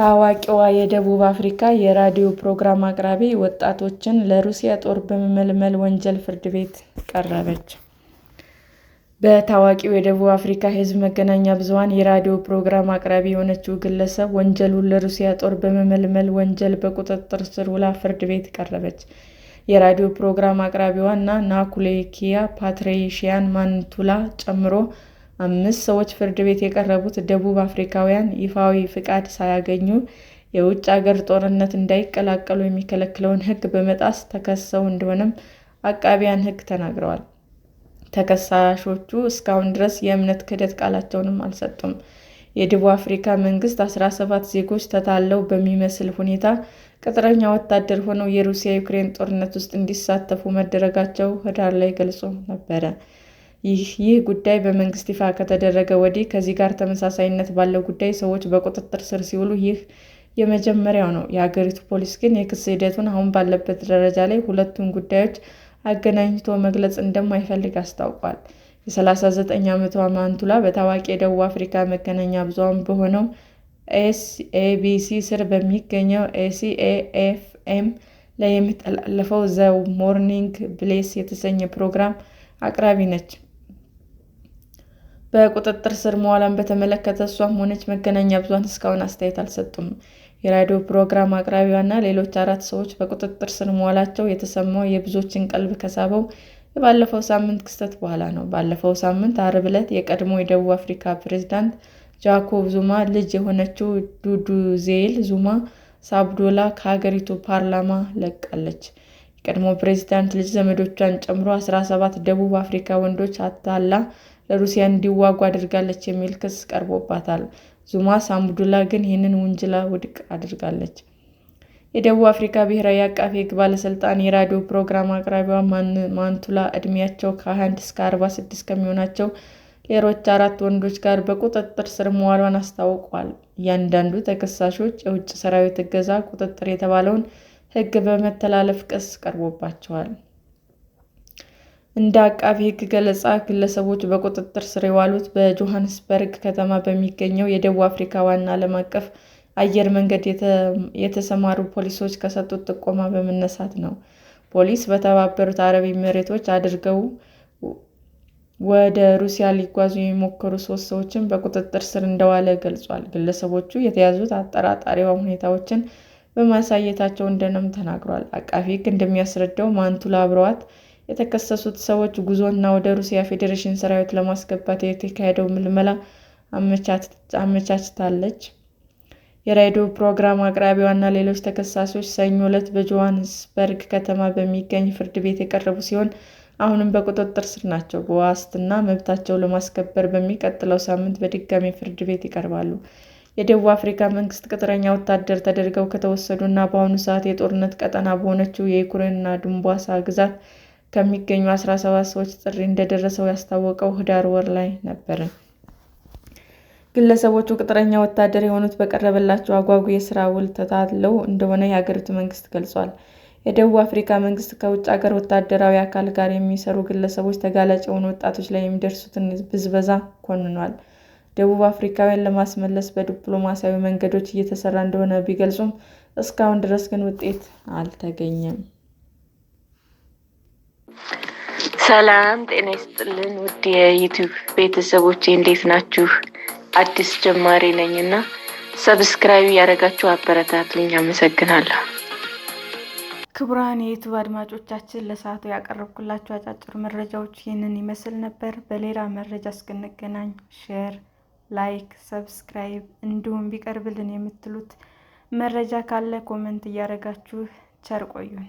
ታዋቂዋ የደቡብ አፍሪካ የራዲዮ ፕሮግራም አቅራቢ ወጣቶችን ለሩሲያ ጦር በመመልመል ወንጀል ፍርድ ቤት ቀረበች። በታዋቂው የደቡብ አፍሪካ ህዝብ መገናኛ ብዙኃን የራዲዮ ፕሮግራም አቅራቢ የሆነችው ግለሰብ ወንጀሉን ለሩሲያ ጦር በመመልመል ወንጀል በቁጥጥር ስር ውላ ፍርድ ቤት ቀረበች። የራዲዮ ፕሮግራም አቅራቢዋ እና ናኩሌኪያ ፓትሪሺያን ማንቱላ ጨምሮ አምስት ሰዎች ፍርድ ቤት የቀረቡት ደቡብ አፍሪካውያን ይፋዊ ፍቃድ ሳያገኙ የውጭ አገር ጦርነት እንዳይቀላቀሉ የሚከለክለውን ሕግ በመጣስ ተከሰው እንደሆነም አቃቢያን ሕግ ተናግረዋል። ተከሳሾቹ እስካሁን ድረስ የእምነት ክህደት ቃላቸውንም አልሰጡም። የደቡብ አፍሪካ መንግስት 17 ዜጎች ተታለው በሚመስል ሁኔታ ቅጥረኛ ወታደር ሆነው የሩሲያ ዩክሬን ጦርነት ውስጥ እንዲሳተፉ መደረጋቸው ህዳር ላይ ገልጾ ነበረ። ይህ ጉዳይ በመንግስት ይፋ ከተደረገ ወዲህ ከዚህ ጋር ተመሳሳይነት ባለው ጉዳይ ሰዎች በቁጥጥር ስር ሲውሉ ይህ የመጀመሪያው ነው። የሀገሪቱ ፖሊስ ግን የክስ ሂደቱን አሁን ባለበት ደረጃ ላይ ሁለቱን ጉዳዮች አገናኝቶ መግለጽ እንደማይፈልግ አስታውቋል። የ39 ዓመቷ ማንቱላ በታዋቂ የደቡብ አፍሪካ መገናኛ ብዙሃን በሆነው ኤስኤቢሲ ስር በሚገኘው ኤሲኤኤፍኤም ላይ የሚተላለፈው ዘ ሞርኒንግ ብሌስ የተሰኘ ፕሮግራም አቅራቢ ነች። በቁጥጥር ስር መዋላን በተመለከተ እሷም ሆነች መገናኛ ብዙን እስካሁን አስተያየት አልሰጡም። የራዲዮ ፕሮግራም አቅራቢዋና ሌሎች አራት ሰዎች በቁጥጥር ስር መዋላቸው የተሰማው የብዙዎችን ቀልብ ከሳበው የባለፈው ሳምንት ክስተት በኋላ ነው። ባለፈው ሳምንት አርብ ዕለት የቀድሞ የደቡብ አፍሪካ ፕሬዝዳንት ጃኮብ ዙማ ልጅ የሆነችው ዱዱዜይል ዙማ ሳብዶላ ከሀገሪቱ ፓርላማ ለቃለች። የቀድሞ ፕሬዝዳንት ልጅ ዘመዶቿን ጨምሮ 17 ደቡብ አፍሪካ ወንዶች አታላ ለሩሲያ እንዲዋጉ አድርጋለች የሚል ክስ ቀርቦባታል። ዙማ ሳምቡዱላ ግን ይህንን ውንጅላ ውድቅ አድርጋለች። የደቡብ አፍሪካ ብሔራዊ አቃፊ ሕግ ባለሥልጣን የራዲዮ ፕሮግራም አቅራቢዋ ማንቱላ ዕድሜያቸው ከ21 እስከ 46 ከሚሆናቸው ሌሎች አራት ወንዶች ጋር በቁጥጥር ስር መዋሏን አስታውቋል። እያንዳንዱ ተከሳሾች የውጭ ሰራዊት እገዛ ቁጥጥር የተባለውን ሕግ በመተላለፍ ክስ ቀርቦባቸዋል። እንደ አቃቢ ሕግ ገለጻ ግለሰቦች በቁጥጥር ስር የዋሉት በጆሃንስበርግ ከተማ በሚገኘው የደቡብ አፍሪካ ዋና ዓለም አቀፍ አየር መንገድ የተሰማሩ ፖሊሶች ከሰጡት ጥቆማ በመነሳት ነው። ፖሊስ በተባበሩት አረብ ኤሚሬቶች አድርገው ወደ ሩሲያ ሊጓዙ የሚሞክሩ ሶስት ሰዎችን በቁጥጥር ስር እንደዋለ ገልጿል። ግለሰቦቹ የተያዙት አጠራጣሪዋ ሁኔታዎችን በማሳየታቸው እንደነም ተናግሯል። አቃቢ ሕግ እንደሚያስረዳው ማንቱላ አብረዋት የተከሰሱት ሰዎች ጉዞና ወደ ሩሲያ ፌዴሬሽን ሰራዊት ለማስገባት የተካሄደው ምልመላ አመቻችታለች። የራይዶ ፕሮግራም አቅራቢዋና ሌሎች ተከሳሾች ሰኞ ዕለት በጆሃንስበርግ ከተማ በሚገኝ ፍርድ ቤት የቀረቡ ሲሆን አሁንም በቁጥጥር ስር ናቸው። በዋስትና መብታቸው ለማስከበር በሚቀጥለው ሳምንት በድጋሚ ፍርድ ቤት ይቀርባሉ። የደቡብ አፍሪካ መንግስት ቅጥረኛ ወታደር ተደርገው ከተወሰዱና በአሁኑ ሰዓት የጦርነት ቀጠና በሆነችው የዩክሬንና ድንቧሳ ግዛት ከሚገኙ 17 ሰዎች ጥሪ እንደደረሰው ያስታወቀው ህዳር ወር ላይ ነበር። ግለሰቦቹ ቅጥረኛ ወታደር የሆኑት በቀረበላቸው አጓጊ የሥራ ውል ተታለው እንደሆነ የሀገሪቱ መንግስት ገልጿል። የደቡብ አፍሪካ መንግስት ከውጭ አገር ወታደራዊ አካል ጋር የሚሰሩ ግለሰቦች ተጋላጭ የሆኑ ወጣቶች ላይ የሚደርሱትን ብዝበዛ ኮንኗል። ደቡብ አፍሪካውያን ለማስመለስ በዲፕሎማሲያዊ መንገዶች እየተሰራ እንደሆነ ቢገልጹም እስካሁን ድረስ ግን ውጤት አልተገኘም። ሰላም ጤና ይስጥልን ውድ የዩቱብ ቤተሰቦቼ እንዴት ናችሁ? አዲስ ጀማሪ ነኝ እና ሰብስክራይብ ያደረጋችሁ አበረታትልኝ። አመሰግናለሁ። ክቡራን የዩቱብ አድማጮቻችን ለሰዓቱ ያቀረብኩላችሁ አጫጭር መረጃዎች ይህንን ይመስል ነበር። በሌላ መረጃ እስክንገናኝ ሼር፣ ላይክ፣ ሰብስክራይብ እንዲሁም ቢቀርብልን የምትሉት መረጃ ካለ ኮመንት እያደረጋችሁ ቸር ቆዩን።